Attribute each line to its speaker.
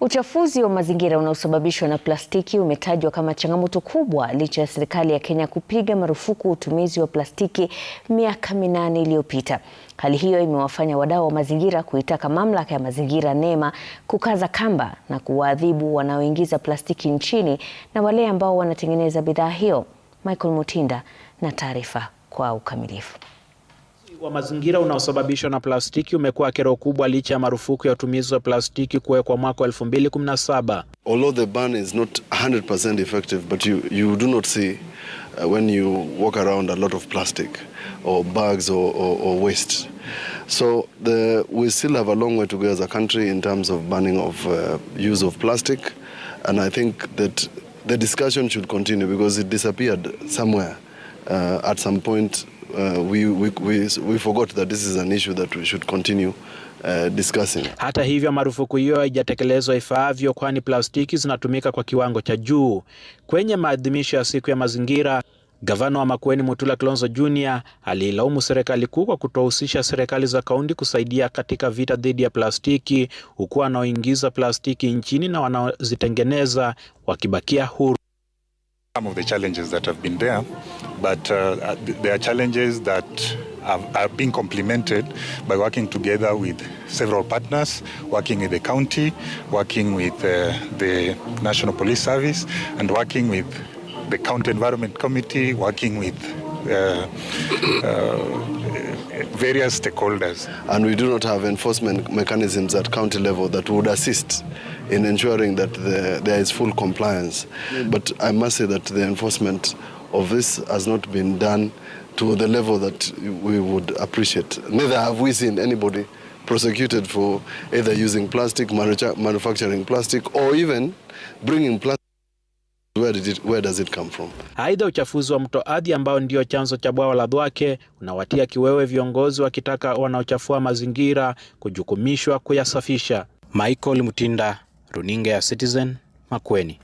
Speaker 1: Uchafuzi wa mazingira unaosababishwa na plastiki umetajwa kama changamoto kubwa licha ya serikali ya Kenya kupiga marufuku utumizi wa plastiki miaka minane iliyopita. Hali hiyo imewafanya wadau wa mazingira kuitaka mamlaka ya mazingira NEMA kukaza kamba na kuwaadhibu wanaoingiza plastiki nchini na wale ambao wanatengeneza bidhaa hiyo. Michael Mutinda na taarifa kwa ukamilifu
Speaker 2: wa mazingira unaosababishwa na plastiki umekuwa kero kubwa licha ya marufuku ya utumizi wa plastiki kuwekwa mwaka 2017.
Speaker 3: Although the ban is not 100% effective but you, you do not see uh, when you walk around a lot of plastic or bags or, or, or waste. So the, we still have a long way to go as a country in terms of banning of uh, use of plastic and I think that the discussion should continue because it disappeared somewhere uh, at some point Uh, we, we, we, we forgot that this is an issue that we should continue Uh, discussing.
Speaker 2: Hata hivyo marufuku hiyo haijatekelezwa ifaavyo, kwani plastiki zinatumika kwa kiwango cha juu. Kwenye maadhimisho ya siku ya mazingira, gavana wa Makueni Mutula Kilonzo Jr aliilaumu serikali kuu kwa kutohusisha serikali za kaunti kusaidia katika vita dhidi ya plastiki, huku wanaoingiza plastiki nchini na wanaozitengeneza wakibakia huru.
Speaker 3: Some of the challenges that have been there, but uh, uh there are challenges that are, been being complemented by working together with several partners, working with the county, working with uh, the National Police Service, and working with the County Environment Committee, working with uh, uh, various stakeholders. And we do not have enforcement mechanisms at county level that would assist in ensuring that the, there is full compliance. But I must say that the enforcement of this has not been done to the level that we would appreciate. Neither have we seen anybody prosecuted for either using plastic, manufacturing plastic, or even bringing plastic.
Speaker 2: Aidha, uchafuzi wa mto Athi ambao ndio chanzo cha bwawa la dhwake unawatia kiwewe viongozi wakitaka wanaochafua mazingira kujukumishwa kuyasafisha.
Speaker 4: Michael Mutinda, runinga ya Citizen, Makueni.